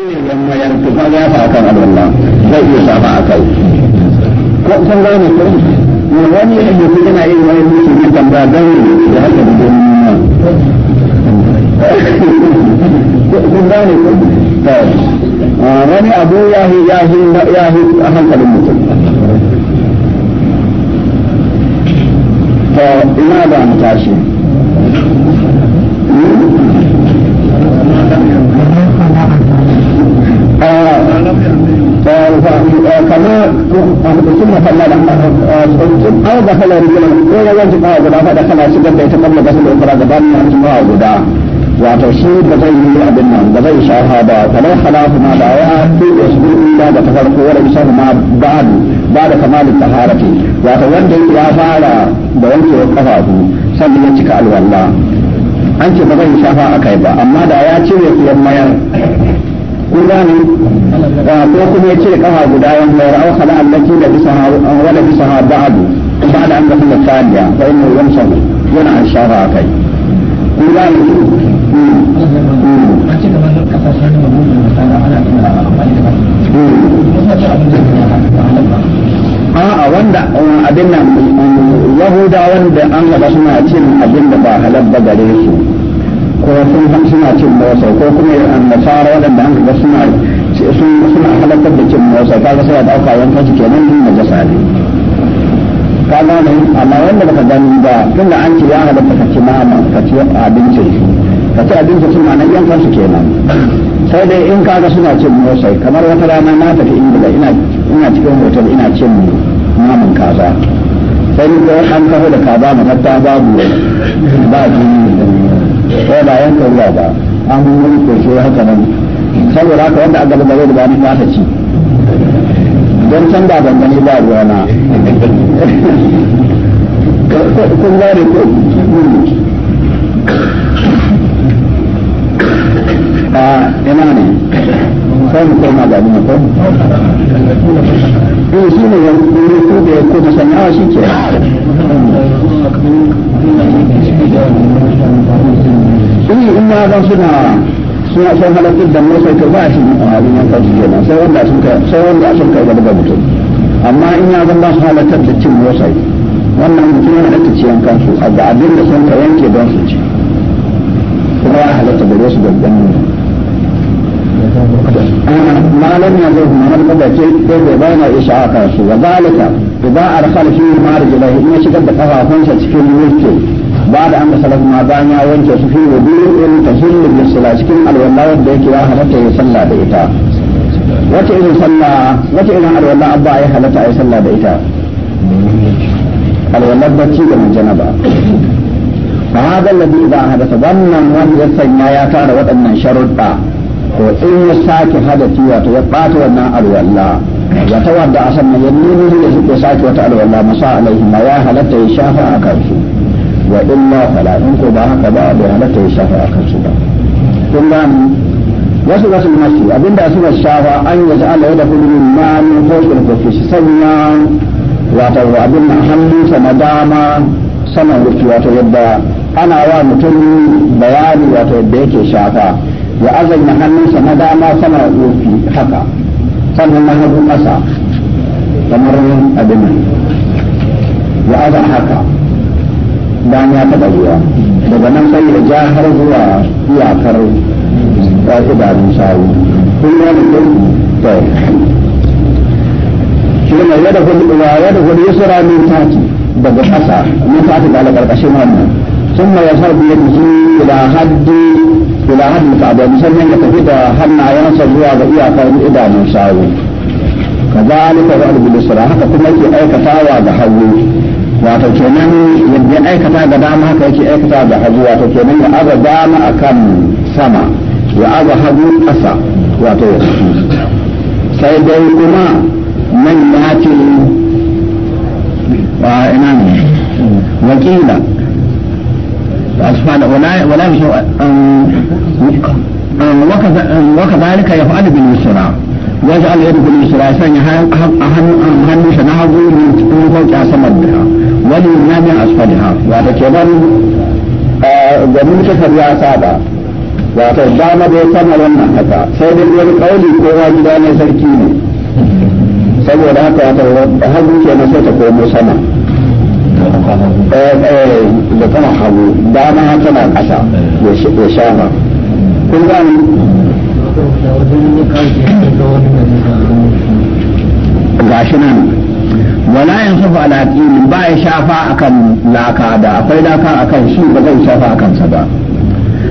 sihir yang yang sifatnya apa akan ada Allah Jadi sama akal Kok sangka ini kan? Mereka yang berkata na ilmu ilmu sihir tambah dari Ya akan di dunia Kok sangka ini kan? Tak Ini Abu Yahi Yahi Mbak Yahi Ahal kali musim Tak Ini ada yang kamar mutum na falla a tsuntsun an da falla rigilar ko ya yanci kawa guda fada kana shigar da ita kamar da sulun fara gaban nan zuwa guda wato shi ba zai yi abin nan ba zai shafa ba kamar halafu ma da ya tuɗe su illa da ta farko wani bisa ma ba'adu ba da kamalin taharati wato wanda ya fara da kafafu sannan ya cika alwala an ba zai shafa akai ba amma da ya cire kuyan mayar kun gane ah, ko kuma ya cire kafa guda yan bayar aw khala allati da bisa wa la ba'du ba'da an gafala thaniya fa inna yamsa yana ashara kai kun gane hmm. hmm. a'a wanda ah, abin nan ah, yahudawan da an gaba suna cin abin da ba halal ba gare su ko sun san suna cin motsa ko kuma nasara waɗanda an ga suna suna halakar da cin motsa ka ga suna ɗauka wankan su kenan din najasa ne ka gane amma wanda baka gani ba tunda an ce ya halatta ka ci nama ka ci abincin su ka ci abinci abincin su ma'ana yankan su kenan sai dai in kaga suna cin motsa kamar wata rana na tafi ingila ina ina cikin hotel ina cin naman kaza sai ni ga an kafa da kaza ta babu ba jini ko ba yanka ruwa ba an mun ko haka nan saboda haka wanda aka gaba da bani ba ta ci don can da ban gani ba ruwa na kun ne ko a ah, ina ne sai mu koma ga mu ko eh shi ne ya kuri da ya kudu a ah, shi ke in in ma zan suna suna son halakin da motsa to ba shi a ruwan kaji na sai wanda sun kai sai wanda sun kai daga mutum amma in ya zan ba su halakar da cin motsa wannan mutum yana da ciyan kansu a ga abin da sun kai yanke don su ci kuma ya halatta gare su da ganin ما لم يزله من المدى كيف بين إشعاقه وذلك إذا أرسل فيه مارج إليه إن da قفا فنسة في الوجه بعد أن صلت ما بانيا وانت في وضوء إن تهل بالصلاة كم الولاء وديك يا حتى يصلى بإيتا wata irin sallah wata irin alwala abba ya halatta a yi sallah da ita alwalar bacci da mai ba fa hadha alladhi idha hadatha wannan wanda ya sanya ya tara waɗannan sharuɗa Ko in ya sake hadati wato ya bata wannan alwala ya tawadda a sannan ya nemi da suke sake wata alwala masa alaihi ma ya halatta ya shafa a kansu wa illa fala in ko ba haka ba bai halatta ya shafa a kansu ba kun gani wasu wasu masu abinda suka shafa an yi za'ala ya da kudurin ma min hokin kofi su sanya wato abin na hannunsa na dama saman rufi wato yadda ana wa mutum bayani wato yadda yake shafa ya azanya hannunsa na dama sama da tsofi haka sannan na hagu ƙasa kamar abin ya aza haka bayan ya taɓa zuwa daga nan sai ya ja har zuwa iyakar idanun sawu kun yi wani ɗin shi ne ya da ya da daga ƙasa min tati da ila hadin sa'adu sannan ya tafi da hannayensa zuwa ga iyakar idanun sawu kazalika wa albu haka kuma yake aikatawa ga hagu wato kenan yadda aikata ga dama haka yake aikata ga hagu wato kenan ya aza dama akan sama ya aza hagu ƙasa wato sai dai kuma nan ya ce ina ولا ولا وكذلك يفعل باليسرى ويجعل يده اليسرى سنة هن سنها من فوق سمدها واليمنى من أسفلها وتكبر آه، جميل كفر يا سادة wato dama da ya sama wannan haka sai da wani kauli ko wani gida ne sarki ne saboda haka wato hagu ke na sai da tana hagu dama tana ƙasa ya shafa kun gani ga shi nan wala yin sufa alaƙini ba ya shafa akan laka da akwai laka akan shi ba zai shafa akan sa ba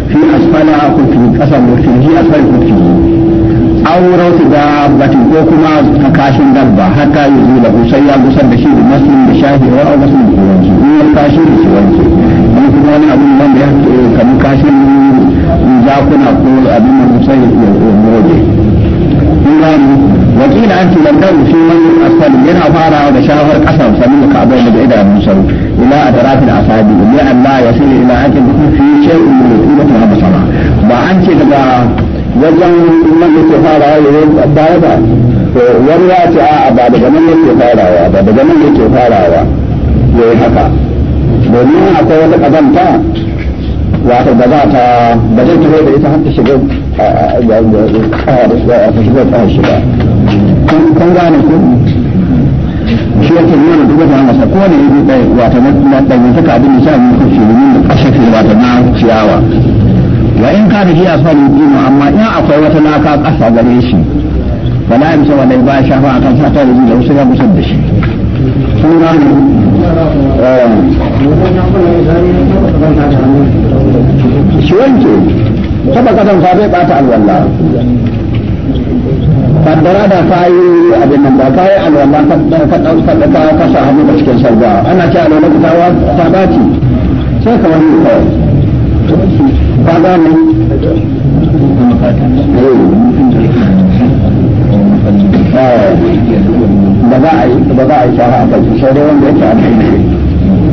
fi asfala kufi ƙasa mutum ji asfala kufi auren su da batin ko kuma a kashin dabba haka yi zuwa da sai ya gusar da shi da maslin da shahewa a wasu da kiwansu in ya kashi da kiwansu in kuma wani abin da ya kamar kashin zakuna ko abin da musai ya goge in mu wakila an ce lantar shi wani asali yana farawa da shahar kasar sami da ka'abar daga idan musaru ila a tarafin asabi ila Allah ya sai ila ake duk fi ce umuru ila ta ba an ce daga wajen nan yake farawa ya yi baya ba to wani ya ce a ba daga nan yake farawa ba daga nan yake farawa ya yi haka domin akwai wata kazanta wato da za ta ba zai da ita har ta shiga shiga shiga kan gane ku shi yake nuna masa ne yake na da sha mun kushe domin da kashe na ciyawa wa in ka da giya fa yuqimu amma in akwai wata laka kasa gare shi wala yamsa wa dai ba shafa akan fata da da wasu ga musar da shi sun gane eh. shi wanke saba kasan fa bata alwala kaddara da ka yi abin nan ba ka yi alwala ka sa hannu da cikin sarga ana ce alwala ta sai ka ba ga nan ba za a yi ba za a yi shara a baki sai dai wanda yake a kamar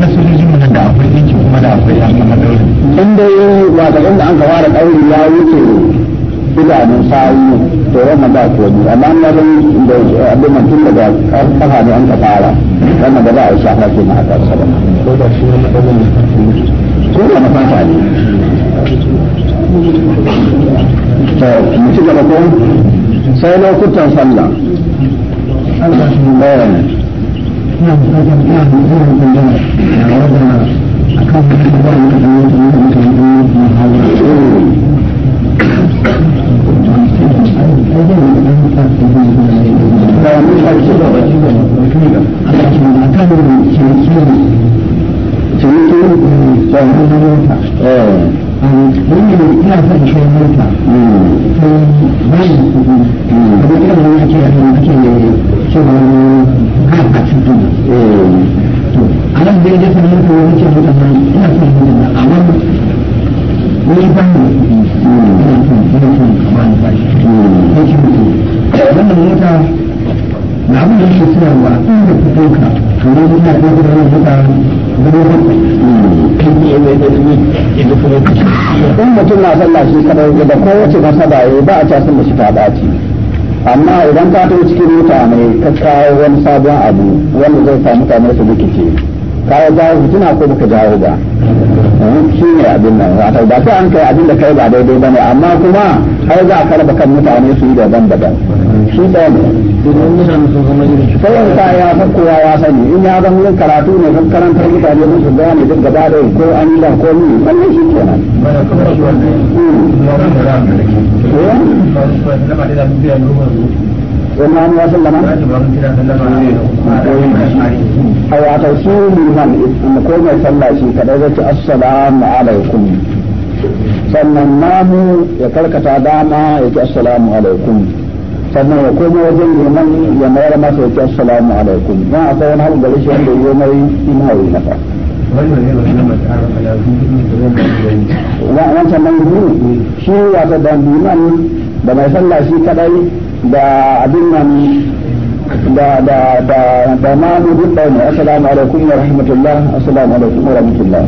na sojojin mu da akwai yanki kuma da akwai an kama daure in dai wata inda an kawara ɗauri ya wuce idanun sawu to wannan ba ko ni amma da abin daga ne an ka fara wannan ba za a shafa ke haka ba ko da shi wannan suna na fata ne to mu ci gaba ko sai lokutan sallah Allah shi ne Thank you. 재밌게 잘하니까 음, 음, 음, 예. 몸이 약간 좋으니까 음. 많이 음. 그렇게 이렇게 이렇게 저는 안 같은 분 예. 아는 데 이제 저는 그런 쪽으로는 약간 아마 일반 이렇게 가만히 가시죠. 그렇게 하면 뭔가 da abin da yake ɗauka to ne da wani wani in mutum na sallah shi kadai da kowace ya ba a casin da shi ta ɓaci amma idan ka tafi cikin mutane ka kawo wani sabon abu wanda zai sa mutane su rikice ka jawo fitina ko baka jawo ba shi ne abin nan wato ba sai an kai abin da kai ba daidai ba ne amma kuma har za a karba kan mutane su yi daban-daban shi da domin mutane kawai ta ya san kowa ya sani in ya zama yin karatu ne kan karantar mutane mun su gane duk gaba da ko an yi da ko ni wannan shi kenan wannan an wasan lama a wata su liman ko mai sallah shi kadai zai ci assalamu alaikum sannan namu ya karkata dama ya ci assalamu alaikum sannan ya komo wajen neman ya mayar masa ya ce assalamu alaikum ba a sai wani abu gari shi wanda ya mai ina yi masa wancan nan biyu shi wata da liman da mai sallah shi kadai da abin nan da da da da ma mu ne assalamu alaikum wa rahmatullah assalamu wa rahmatullah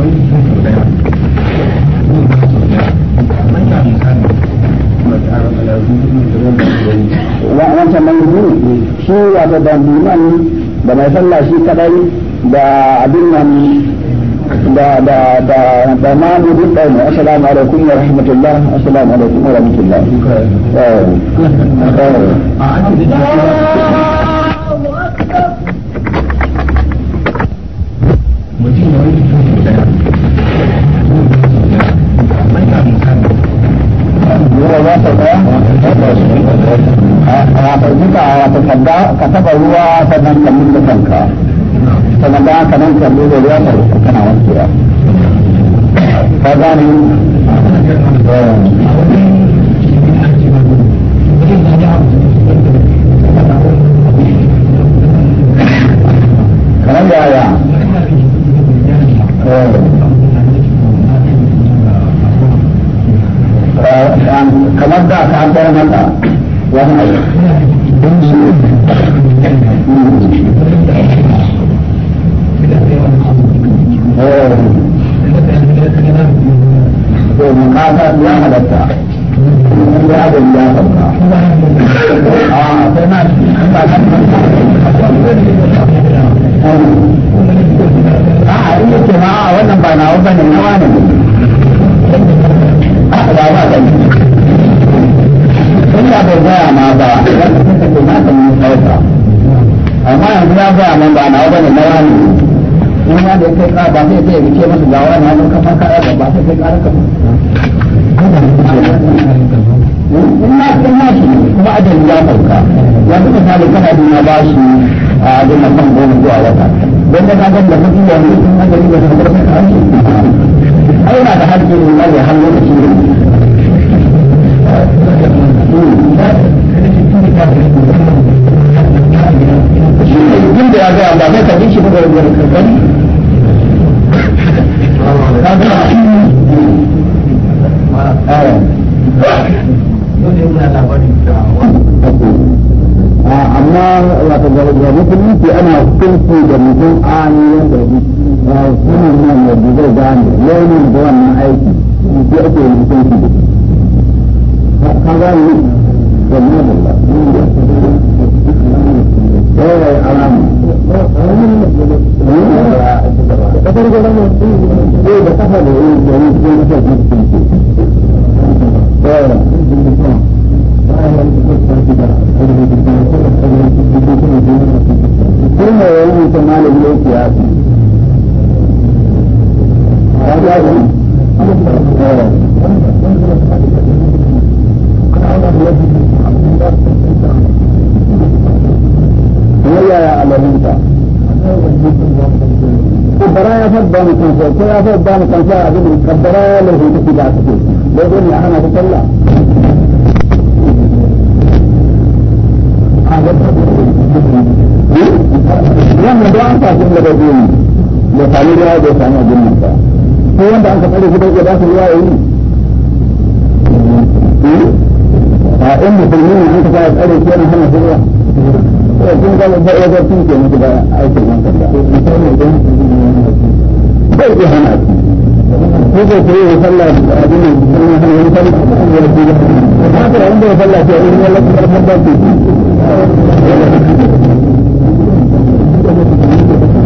wannan tamar yi shi ya ta da biman da mai sallah shi kadai da abin nan da da da da ma mu duk da mu assalamu alaikum wa rahmatullah assalamu alaikum wa rahmatullah eh eh oh. a'a ah, taɓa ruwa sannan ka mutu kanka sannan ba ka nan da ruwa ka rufe kana wankewa ka gane kamar eh, eh, kamar da ka an wani Yeah, my God. That's what I'm talking about. amma yanzu ya gaya man ba nawa bane na wani in ya da ya kai kara ba sai zai rike masa ga wani ya zama kafa kara da ba sai kai kara kafa in na kai nashi kuma ajali ya sauka yanzu misali kana duniya ba shi a abin kan goma zuwa wata don da kagan da kuɗi da yanzu sun ajali da sun karfa kara shi ai yana da haƙƙi ne na da har lokacin da hmm. Thank you. da ya ga ba sai ka shi da rubutu kankani amma wata ga musulunci ana hukunci da mutum aniyan da nan zai gane launin da wannan aiki shi ake yin hukunci da shi ka gane wannan da Deus, está valendo, Deus, Deus, Deus, Deus, Deus, Deus, Deus, Deus, Deus, قدرا يفضل من كنسا يفضل من كنسا أبن قدرا له تكتباته لكن يا أنا تطلع wannan da an fasu da da dini da sami ruwa da sami abin nan ba ko wanda an kafa da shi da ba su ruwa yayi a in musulmi ne an kafa da tsare shi yana hana ruwa sun ga da ya zarfi ke mutu da aikin nan kan da bai iya hana shi ko ko ko ya salla da abin da sun hana ya salla ya ce da haka wanda ya salla ce in ya lafa da ban ce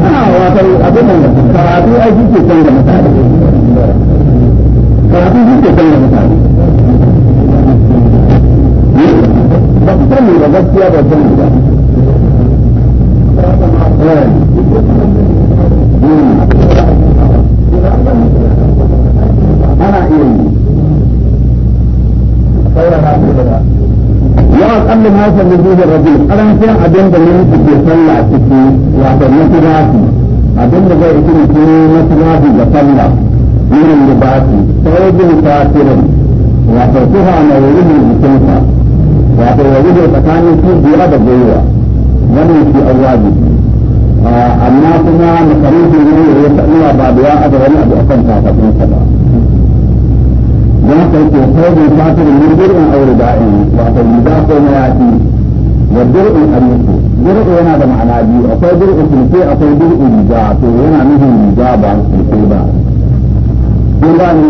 ah wato abin nan karatu ai shi ke canza mutane karatu shi ke canza mutane ba ku sani ba gaskiya ba sani ba ana iya yi yawan kallon nasa na zuwa rajin karancin abin da mun ke sallah ciki wato mutunafi abin da zai ikini ke mutunafi ga sallah irin libati sai bin kafirin wato tuha na wurin jikinsa wato wurin tsakanin su biya da gwiwa wannan shi an wajibi amma kuma masarufi ne ya yi sa'uwa ba da ya aza wani abu akan kafafin sa ba don haka yake saubin fatar murgurin aure da'in wato riga ko mayafi da dur'in amince dur'u yana da ma'ana biyu akwai dur'u sulke akwai dur'u riga to yana nufin riga ba sulke ba kun gane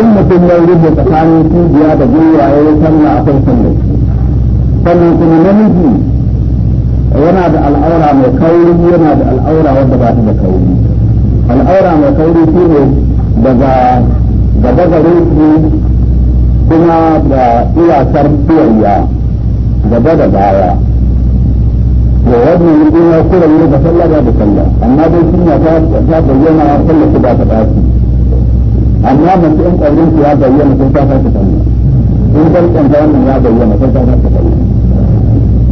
in mutum ya rubu tsakanin cibiya da gwiwa ya yi sallah akwai sallah sannan kuma namiji yana da al'aura mai kauri yana da al'aura wadda ba ta da kauri al'aura mai kauri shi ne daga gaba gare shi kuma da iyakar biyayya gaba da baya to wannan mutum ya kura ne da sallah ba da sallah amma dai shi ne ta bayyana sallah su ba ta ɗaki amma mace in ƙaurin ya bayyana sun ta ta sallah in ƙarƙanta wannan ya bayyana sun ta ta sallah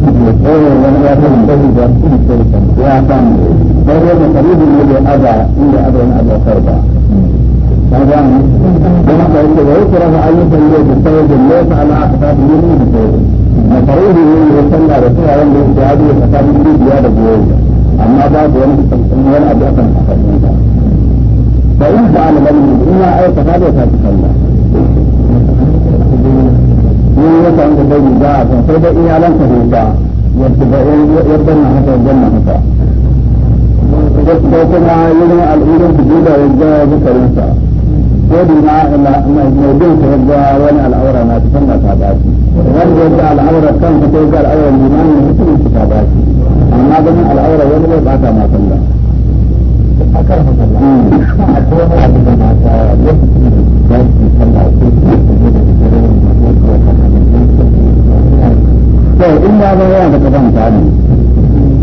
ya san sai dai makarubin ne bai aza inda aza wani aza kai ba kaga kuma ka yake da yake rafa ayyukan yau da sai da ne ta ala aka tafi yin ne da makarubin ne ya sanna da kuma wanda yake azu ya tsakanin dubiya da goyo amma babu wani wani abu akan akan ta fa in fa'ala lam yu'minu ayyuka ta da ta sallah in ya samu bari za a san sai dai in ya lanka hota yadda ba yadda na haka yadda na haka kuma yin su duba yadda ko da na mai bin yadda wani al'aura na na ta dace wanda yadda al'aura kan ka ga al'aura limanin mutum su ta dace amma ganin al'aura wani bai a kowane hmm. abin da mata yadda to in ba ba ya da kaban ta ne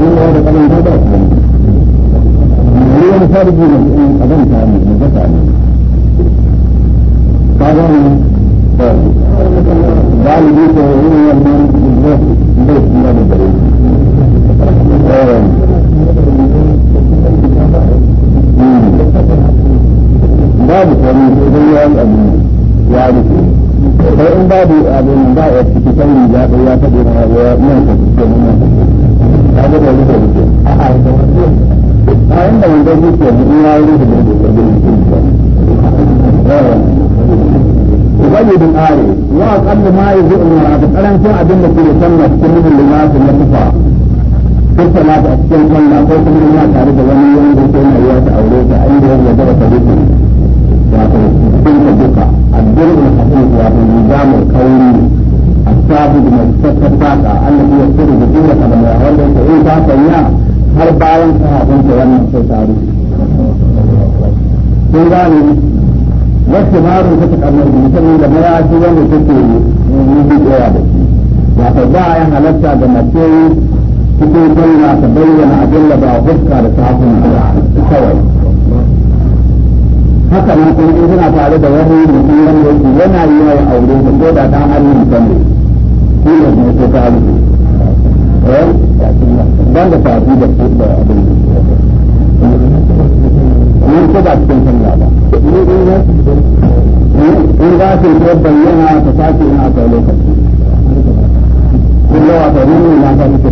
in ba da kaban ta ba ne ruwan farji ne in kaban ta ne ne ta ne ka ga ne to ba ni ko ruwan wannan da da da da babu kwanu idan ya yi abu ya rufe sai in babu abin ba a ciki kan riga ko ya faɗi na ya nan ka ciki ne ka ga da rufe rufe a a da wanda a inda wanda rufe ne in ya rufe da rufe da rufe Ubangi bin Ari, wa kallu ma yi zuɗin abu abin da kuke da sanna cikin nufin limasin na tufa, ko salata a cikin sallah ko kuma yana tare da wani wanda ke na yi ta aure ta inda ya zaba ta yaro ta ta kamar mu saboda ma ya ci wanda take yi da tsaya da shi ya ta ba ya halatta da mace cikin sallah ta bayyana abin da ba fuska da safin da kawai haka nan kun in suna tare da wani mutum wanda yake yana yi wa aure ta ko da ta hannun mutum ne shi ne ko ta aure eh? ba da tafi da abin da من في كذا उनको बात टेंशन ज्यादा उनका सिर्फ बढ़िया फसा के यहाँ पहले करते उनका वातावरण में यहाँ का किसी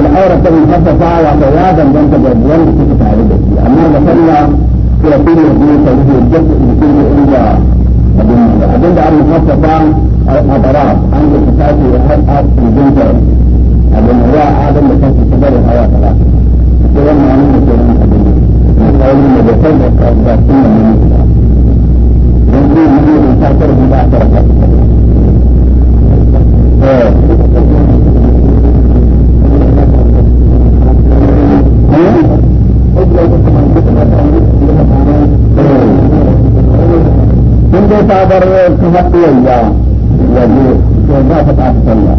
العورة المخففة وتواضع بين تجربيان في تعريض أما وصلنا في رسول الله صلى الله عليه وسلم الجزء بكل إلا أبن أبن المخففة الأضرار عند الكتاب والحلقات في الجنة abin da ruwa adam da kansu su bari hawa ta ba su yi wannan wani mutum da ta bari na kawai da bakwai da kawai da sun da mani ta don zai yi yi rinsa ta rubu ba ta rasa ta ba Sun dai sabar kuma ɗiyar ya waje, to za ta ta fi sallah.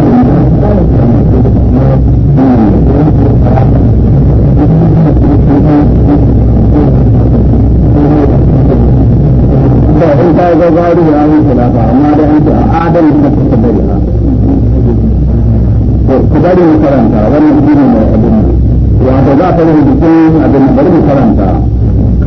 وغيره هذه يعني الخلافة ما رأيت آدم تقدرها تقدر كرامتها والمسلم أبنها وتضاف له بكل أبنها بل كرامتها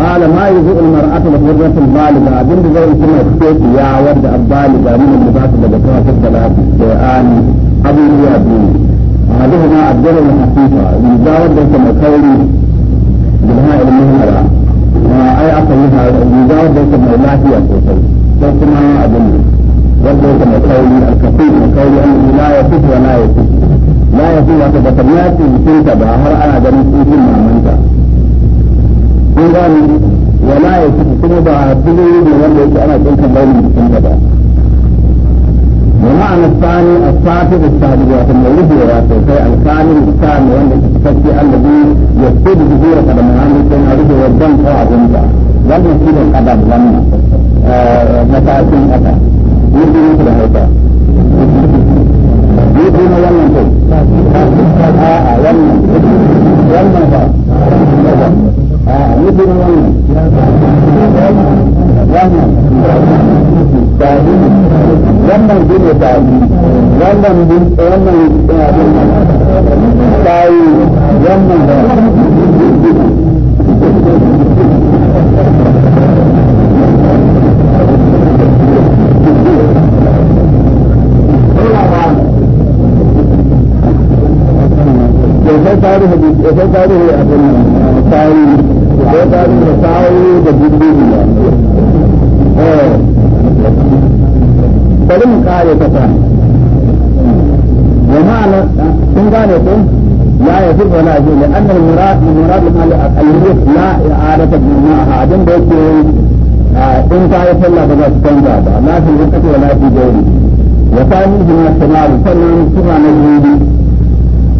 قال ما يجوء المرأة لفرة البالغة بنت زي كما اختيت يا ورد البالغة من اللباس الذكرى في الثلاث شيئان أبو هذه ما الدرع الحقيقة من ورد كما كوني بالهاء المهملة أي أصلها من ورد كما لا هي وكما أظن وذلك مكولي الكثير مكولي أنه لا يصف ولا يصف لا يصف وتبطنيات تلك بها أنا جميل سيكون مع منك ولا يصف كما بها تلك وذلك أنا تلك بولي تلك بها ومعنى الثاني الصادق الصادق والمولد وراسه في الكامل الكامل وانك تكفي الذي يفقد ظهور قدمه عن الكون عرفه والدم فاعظم ذا لم يكن القدم لما mata asing apa? Ibu ini sudah hebat. Ibu ini yang mampu. Ah, yang mampu. Yang mampu. Ah, ibu ini yang mampu. Yang mampu. Yang mampu. Yang mampu. Yang mampu. Yang mampu. Yang mampu. Yang mampu. هذه أظن مساوي وهذا مساوي بالدنيا فلم قال تفا ومعنى ثم قال لا يفر ولا يجوز لأن المراد المراد الملك لا إعادة بما أحد بيت آه، إن كان يصلى بذات تنجا في الوقت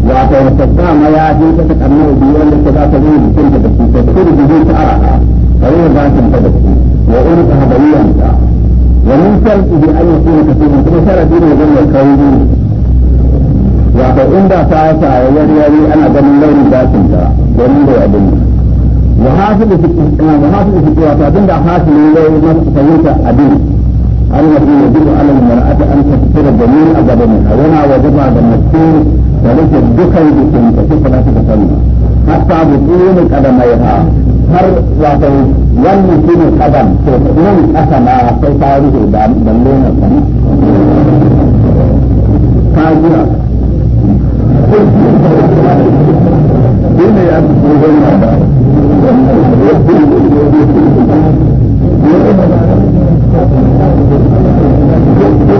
wato ta sa mayafi ta ta kamar biyu wanda ta za ta zo jikin ta da shi ta kuri jikin ta araha kare da zafin ta da shi wa uri ta habayyan ta wa min san ibi an yi kuma kasirin kuma sharadi ne zan mai kauri wato in ba ta sa yari yari ana ganin launin zafin ta domin da ya bin wa hasil da fito wato abin da hasil ne yau na fahimta abin an yi yadda ala mar'ata an tafsira jami'a gabanin a yana wajaba da mutum ولكن دخل بكم فكيف لا pernah kita بطول Hatta har wato wannan shi ne kadan to nan kasa ma sai ta rufe da balle na kan kajiya shi ne ya fi gogon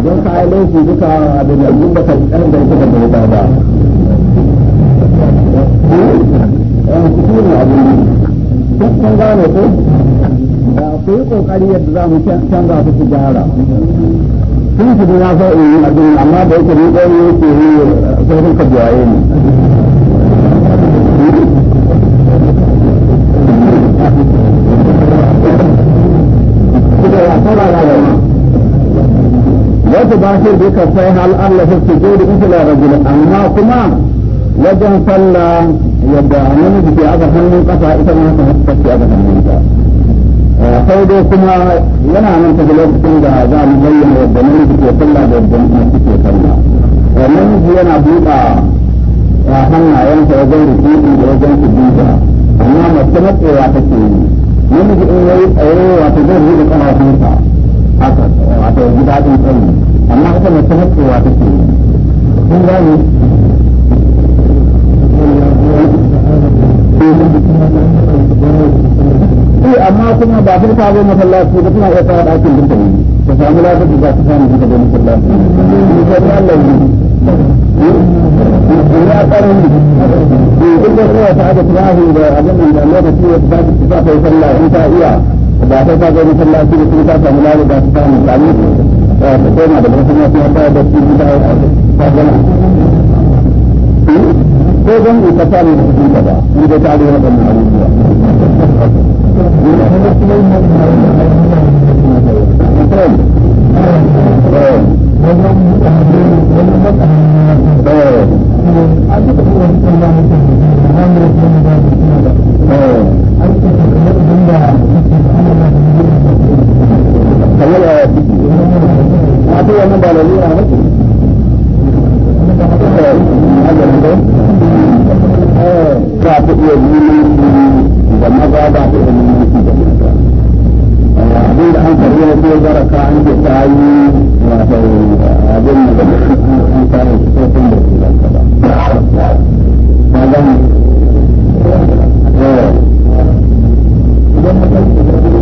don ka ai lokaci duka da yanzu ba ka dan da ka da ba ba eh ku ku ne abin da ku kun gane ko da ku yi kokari yadda za mu canza su su gyara kun ku da yasa eh abin amma da yake ni dan ne ke yi sai ka gyaye ni kuma ya fara da وتباشر بك فيها الأرض في السجود مثل رجل أما كما وجه صلى يبدا من في هذا sai dai kuma yana nan ta da za mu bayyana yadda ke da yadda ke yana buɗa hannayensa wajen rukuki da wajen sujuda amma mace matsewa take yi namiji in yayi tsaye wato zai rubuta kafafunsa haka wato gida ɗin Allah itu mesti nak kuat itu. Hingga ni. Ini amma semua bahagian sahaja masalah kita pun ada sahaja dah kita beri. Sesama lah tu juga sesama kita beri masalah. Ini semua lagi. Ini semua apa ni? Ini semua saya sahaja tidak hingga ada masalah tu kita kita perlu masalah. Ini dia. Bahagian sahaja masalah kita kita sesama lah kita sesama masalah. Pertama eh, ada berapa nanti apa ada tiga ada apa Program kita cari di sini ada. Ini kita cari apa nama dia? Kalau ada eh, shi wani ba lalura ba ce ba ku iya limanci da maza ba ku iya limanci da mata abin da an karbi na sai baraka an ke tayi wato abin da an kare shi ko sun da su da ka ba ba zan idan mutum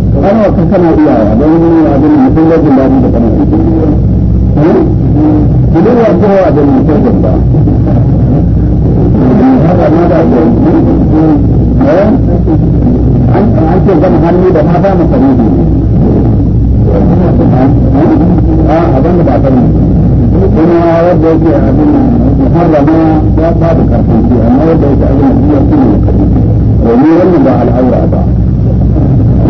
Ana wasan kana iyawa don wani mutum da jin daɗi da kana wa da mutum da ba haka ma da ke an ce zan hannu da ma mu ne a ah, abin da ba sani kuma wadda yake abin muharrama ya ba da karfin shi amma wadda yake abin da ya ne domin wannan ba al'aura ba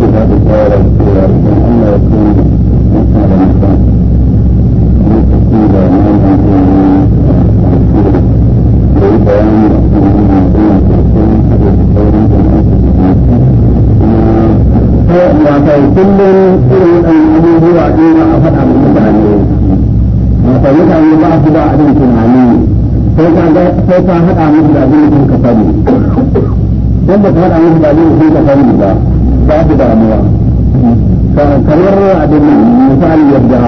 Saya tak hati amat dari itu kepada dia. Dan tak hati amat dari itu kepada dia. Tak ada dua. Kalau kalau ada nama, misalnya ada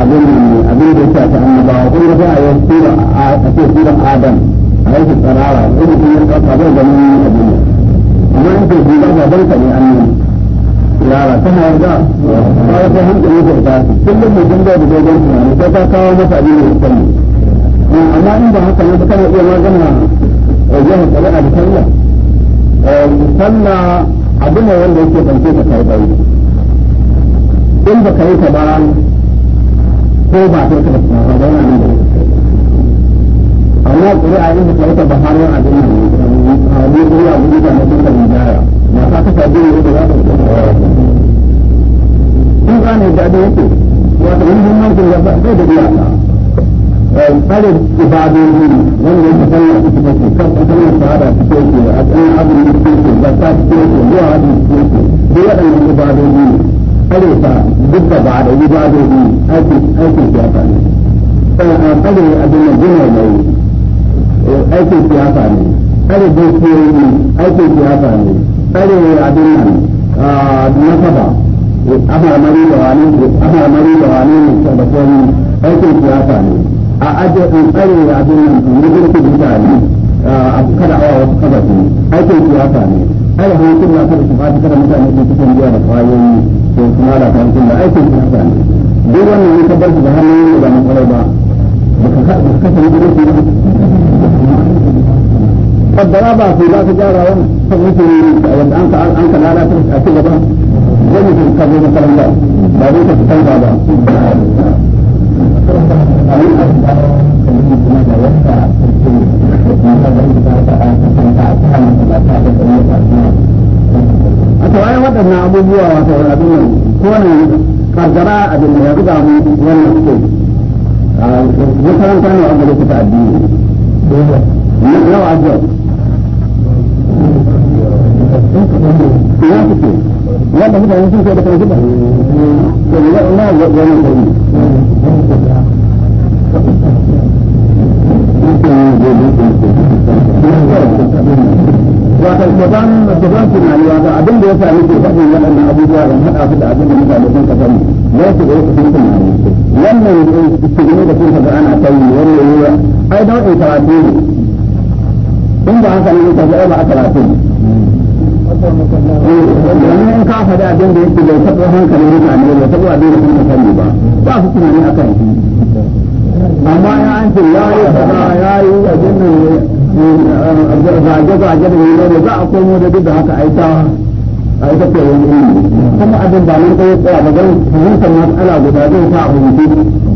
ada nama, ada dosa yang ada bawa pun ada ayat tiga ayat tiga ada. Ayat sekarang ada. Ini punya kata pada zaman ini ada. Kemarin tu juga ada dari tadi ada. Lala, sama ada. Kalau saya hendak ini berita, semua mungkin dia berjalan. Kita kau masa ini pun. Nah, amalan bahasa yang kita nak ialah mana? Oh, jangan kalau ada salah. Eh, sallah abu wanda yake banke ka kai bai in ba yi ta ba ko ba kai ka ba ba na nan amma ƙuri'a in ba kai ka ba har wani abin nan ne ƙuri'a gudu da mutum da mujaya ba ka kasa biyu da za ka kuma in ka ne da yake wato yin hannun ya ba da iyaka tsarin ibadodi wanda ya san wasu su kace kan asalin sahaba su ce ke a tsarin abin da su ce ba ta ce ke zuwa abin su ce duk waɗannan ibadodi tsare ta duk da ba da ibadodi aikin aikin siyasa ne sannan tsare abin da gina mai aikin siyasa ne tsare dukiyoyi aikin siyasa ne tsare abin nan nasaba abamari da wani abamari da wani ne aikin siyasa ne a aje an tsare abin nan mutunci mutane kada awa wasu kabashi aikin siyasa ne ai hankali na kada su fashi kada mutane su cikin biya da kwayoyi ko kuma da hankali da aikin siyasa ne duk wannan ne kabar da hannun ne ba na ba baka kasa mutunci ba kaddara ba su za su gyara wani kan mutu ne wanda an ka an ka lalata a ci gaba zai mutu makaranta ba zai ka fitar ba a tawayen waɗannan abubuwa wata wani abin yau ko ne karjara abin da ya zuba mu wannan suke makaranta ne wanda lokuta addini na yawa ajiyar ya suke wanda mutane sun ce da kan zuba ne ya zuba wannan wani abin wato kusan ba tunani wato abin da ya sami ke faɗin waɗannan abubuwa da haɗa su da abin da mutane sun kasan ya su ɗaya kusan tunani wannan shigini da sun kaga ana ta yi wannan yiwa ai nau'in karatu ne in ba haka ne ka ba a karatu domin ka faɗi abin da yake bai taɓa hankalin mutane bai taɓa abin da sun kasan ba ba su tunani akan shi amma ya an ce ya yi kaza ya yi abin nan eh, eh, zage-zage da yi za a komo da duk da haka aita a ita ce wani ilimi kuma abin ba nan kai tsaya ba don fahimtar matsala guda zai sa a rubutu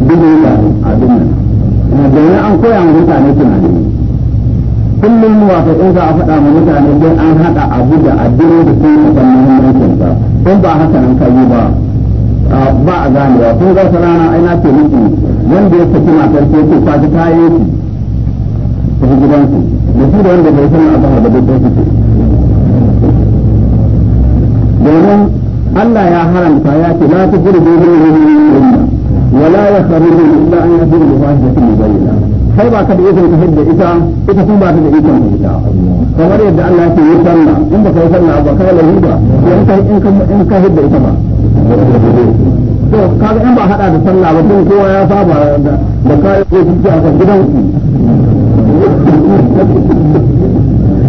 duk da abin nan domin an koya ma mutane tunani kullum wato in za a faɗa ma mutane sai an haɗa abu da addini da sun yi kan muhimmancin sa in ba haka nan kai ba ba a ganewa kun ga sanana ai na ce miki wanda ya saki matar ko ko ta kayan shi ta fi gidansu da shi da wanda bai san azhar da bai su shi domin Allah ya haramta ya ce la tuqribu bil ولا da الا ان يكون بفاحشه مبينه kai ba ka da ikon ka hidda ita ita kuma ba ta da ikon ka ita kamar yadda Allah ya ce yi sallah in ba ka yi sallah ba kai lahi ba in ka in ka hidda ita ba to kaga in ba hada da sallah ba tun kowa ya saba da da kayan ko kuke a kan gidan ku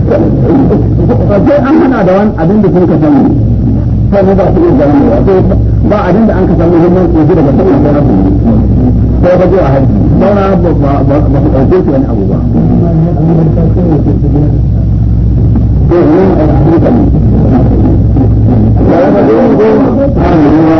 sai an hada da wani abin da kun ka sani sai ne ba su ba sai ba abin da an ka sani wannan ko daga sallah sai ba haji ba ba ba abu ba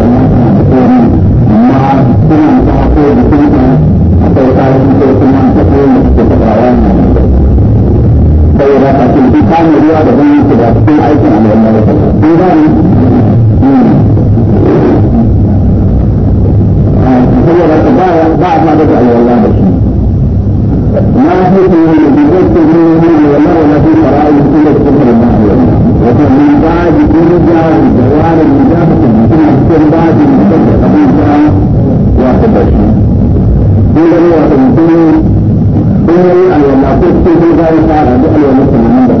dengan kafir di sana atau kafir itu dengan kafir di tempat lain. Saya rasa kita melihat ada banyak sebab itu ada yang melihat. Tidak. Saya rasa bahawa bahawa ada yang melihat. Nabi ini dibuat dengan ini Allah Nabi para ulama itu berkata Waktu minta di dunia Jawa dan minta di dunia Kembali di dunia Kembali di dunia kebaikan. Ini adalah penting. Ini adalah maksud kebaikan. Ini adalah maksud kebaikan.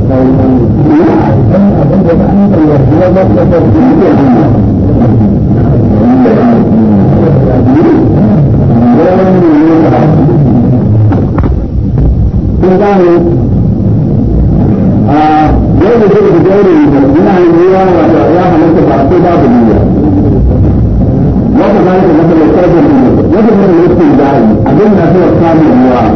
وقت ذلك مثل الكاذب مثل الابتداء أظن فيه الثاني هو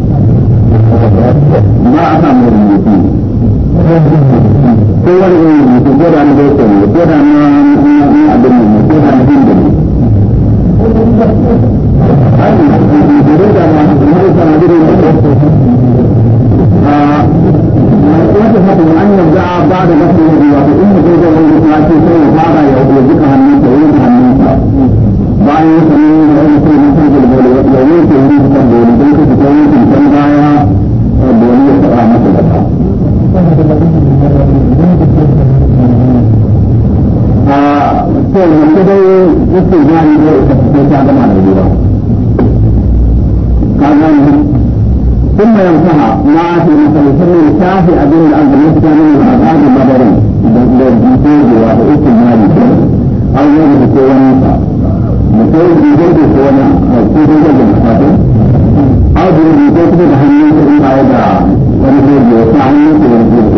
ما أفهم المسلمين كل آه، المسلمين كل عن بيتهم كل عن عبدهم كل عن دينهم وتفهم أن يرجع بعد نفس الوضوء إن زوجة من يتعشي شيء بعد يوجدها منك ويوجدها منك بعد يسمي من يسمي من يسمي من يسمي من يسمي من يسمي من يسمي من يسمي 这我这都不是一样的，不加的嘛，对吧？刚刚真没有说好，那是那个什么消息啊？就是按照那个那个啥子嘛的，那那那那个啊，一直那里去，啊，那个是国安的，那国安的国安啊，就是这个嘛，对。اب ان کو میں رہے ضرور پائے گا ان کو لیے سامنے کے اندر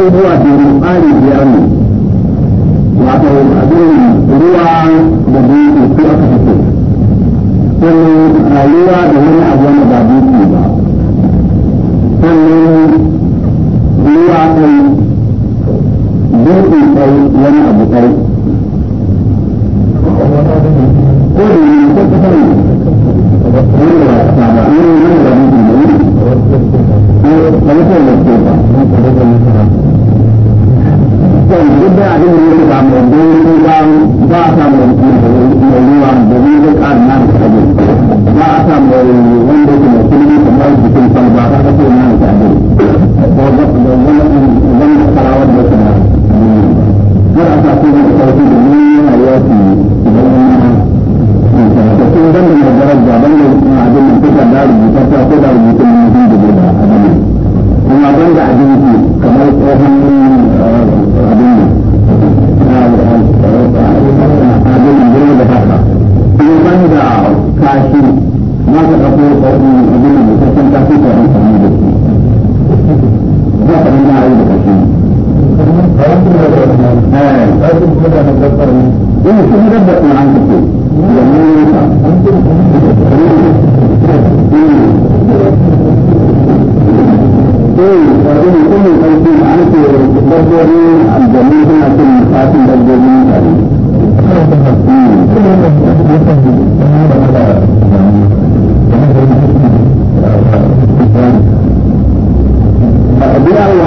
abubuwa biyu tsari biyar ne wato abin ruwa da biyu ko aka fito sannan ruwa da wani abu wanda ba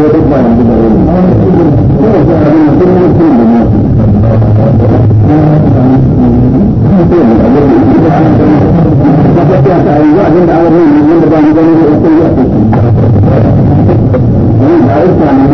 Ini adalah yang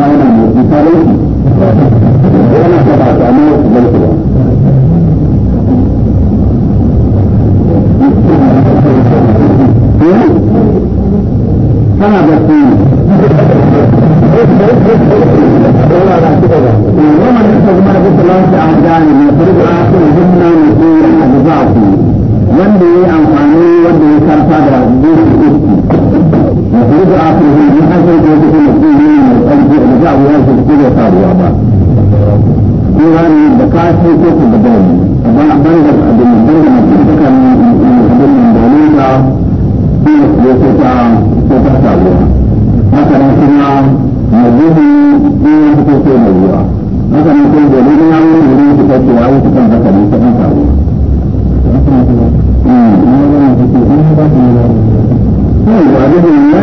به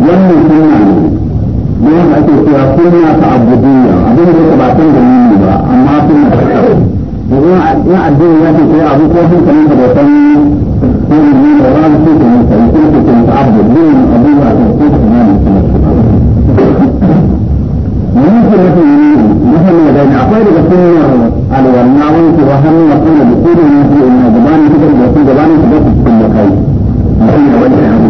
wannan sunna ne don ake cewa sunna ta abudiyya abin da ya ba san da nuni ba amma sunna ta kawo in addini ya ce kai abu ko sun kamar da bautan sunan ne da ba su ke nan sai sun ce ta abudiyya abin da ake ce kuma ne من سنة اليمين مثل ما بين أقوال بسنة على والنعوي وهم يقول بسنة في إن جبان كتب وفي جبان كتب في كل خير.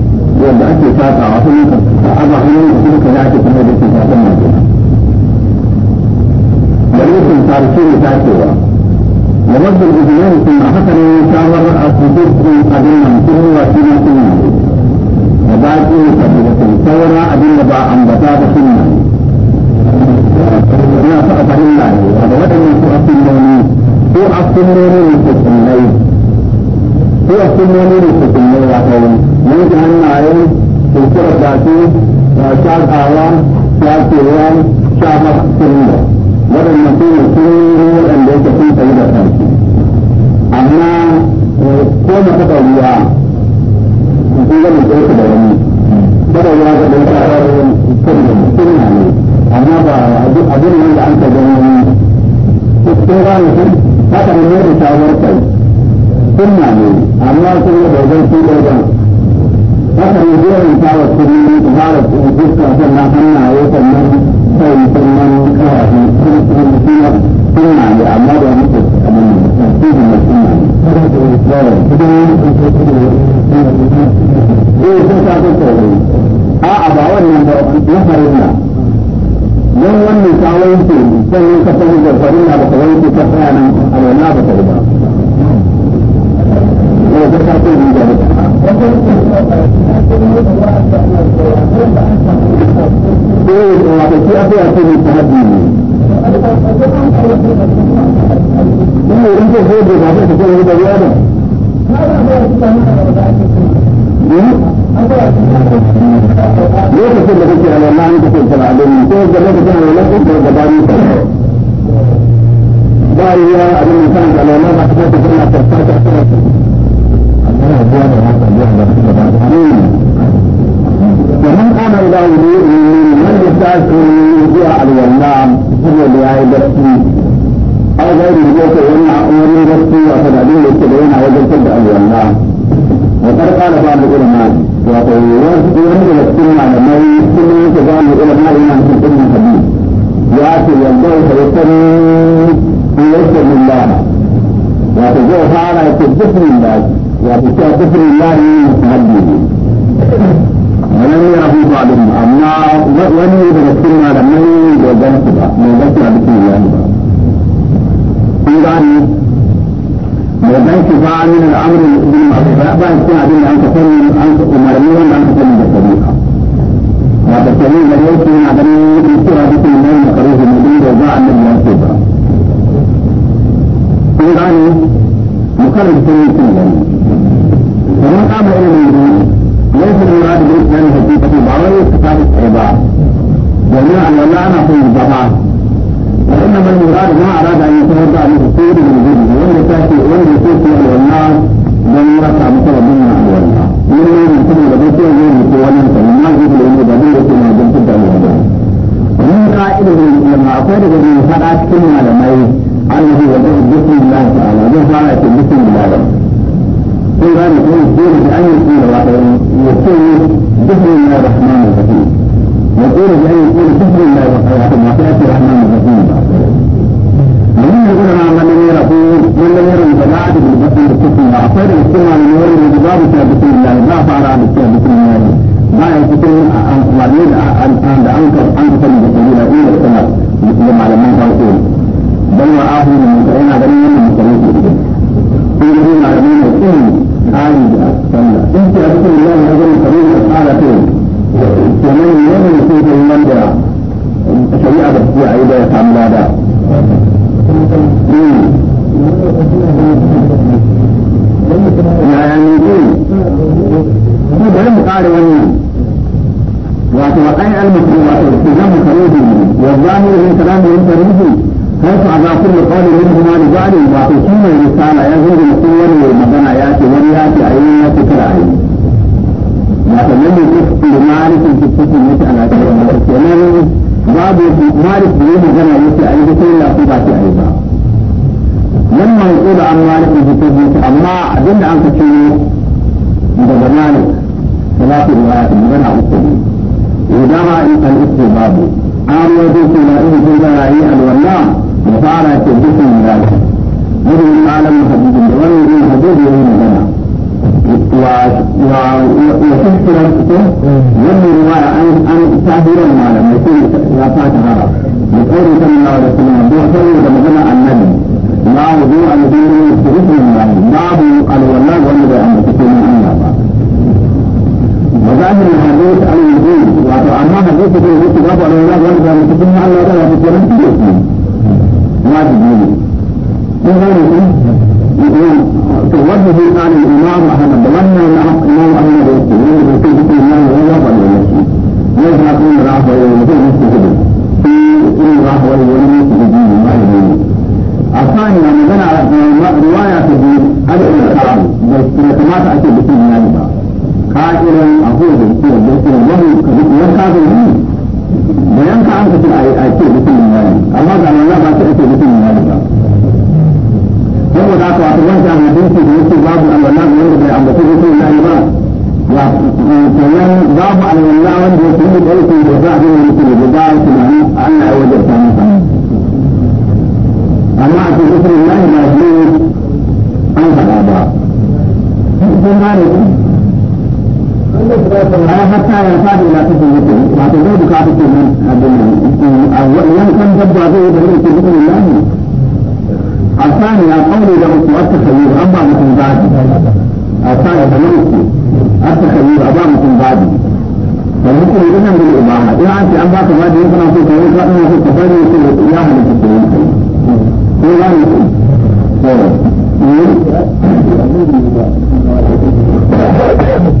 wanda ake saka a sun ka a ba hannun da suka ya ke kuma da suka san mace da rufin tarihi ne takewa da wadda ujiyar sun a haka ne shawarar a kudu sun abin nan sun ruwa shi na sun nan da ba ki ne saboda sun saura abin da ba ambata da sun nan ina so a fahimta ne da waɗannan su a sun noni ko a sun noni ne su sun nai ko a sun noni ne su sun nai ya kawai من كان عليه في سورة ذاتي شعب أعوان شعب تيوان شعب سرية وده المسيح السرية هو أن ليس في سيدة خالتي أما كون تطويا إذا من كيف بغني تطويا ليس سرية سرية أما أدل من أنت جميعا استغاني هذا من يرسى ورسل سنة أما كل بغني سرية haka ne jerin tawar kuri da tawar fuska sannan hannaye sannan sai sannan kawafi sun sun suna na ne amma da muke kamar ne tasirin da suna ne. Eh sun sa sun tsoro. A'a ba wannan ba na farilla. Don wannan ta wanke sannan ka sani da na ba ka wanke ta tsaya nan a ba ta ba. lokacin da kake alwala an kake kira abin ko da lokacin alwala ko da gabanin ka ba ya abin da kan alwala ba ka ta kana ta ta ومن أمر داود من يستعد من يجوع على النعم هو دعاء بسي أو غير البوت يمنع أمر بسي وقد أدين يتبعين وجل تبع النعم وقد قال بعض العلماء وقال يوم يستمع لما يستمع تزال العلماء لما يستمع حديث يأتي يلقوه فيستمع أن يستمع الله وقد جاء فعلا يتبسم الله وبكاء كفر الله متعدين ولم يره بعضهم أما ولم يذكرنا لمن وجدت من ذكر بسم الله إذن وجدت شفاعة من الأمر بالمعروف فأبى السنة بأن أن تكون أن تؤمرني وأن تكون بالصديقة وتكون لديك من عدم الكلام والترمذي هل على كل قال منهما لجعله وعطيكم الرسالة يزيد القوة ومدن آيات وليات عين وفكر عين وتمنى الكفر لمعرفة الكفر المسألة ومن بعض مالك بن مدن يسأل عليه لا قبعة أيضا لما يقول عن مالك بن الكفر أما أدل عن كثير من مالك ثلاث روايات من غنى أخرى ودعا الإستباب قال يدوك إلى إن كنت رأي الولاء وفعل تبديك من ذلك هذه المعلم حديث الجوال يريد حديث يريد مدنة وشخص رأسه يبدو رواية أن تعبير المعلم يكون يفاك هذا يقول صلى الله عليه وسلم بوحر ومدنة النبي لا وضوء الذي يستغفر من الله باب الولاء والذي أن تكون من الله وظاهر الحديث عن الوضوء وأما حديث في الوضوء باب على الله وأنت أن تكون على الله في الكلام في الإسلام واجب منه من غيره توجه قال الإمام أحمد ولما يلعب إمام أهل الوضوء وأنه في ذكر الله وهو قد يمشي يجمع كل راح ويوضوء مستجد في كل راح ويوضوء مستجد ما يبين الثاني لما يعني بنى رواية في الأعلى بس كما تأتي بسم كافر أقول يقول يقول وهو كذب كافر بيان كان كتير أي أي كتير بكل مالك الله تعالى الله ما كتير كتير بكل مالك هو ذاك وقت وانت عم تمشي في مستوى باب أن الله يرد على أن تقول كل ما يبغى وكمان باب أن الله عند يسوع يقول كل ما يبغى من كل ما يبغى أن أوجد كان كان الله عز وجل حتى ينفاد إلى كفر مثل وعطي ذلك كافر من أولا كان جد عزيز بلغة بإذن الله الثاني القول إذا أردت التخيير أربع مثل بعدي الثاني بلغت التخيير أربع مثل بعدي فالمثل إذن بالإباحة إذا أنت أن بعض بعد يمكن أن تكون رأينا في التفاجئ يصير إياها من تكون هو لا يمكن Thank you.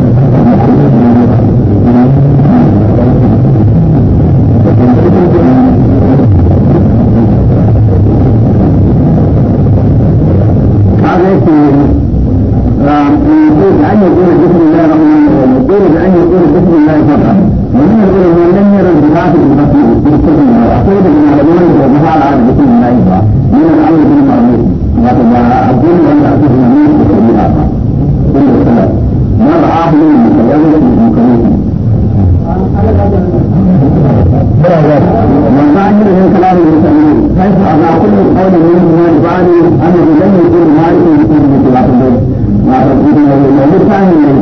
años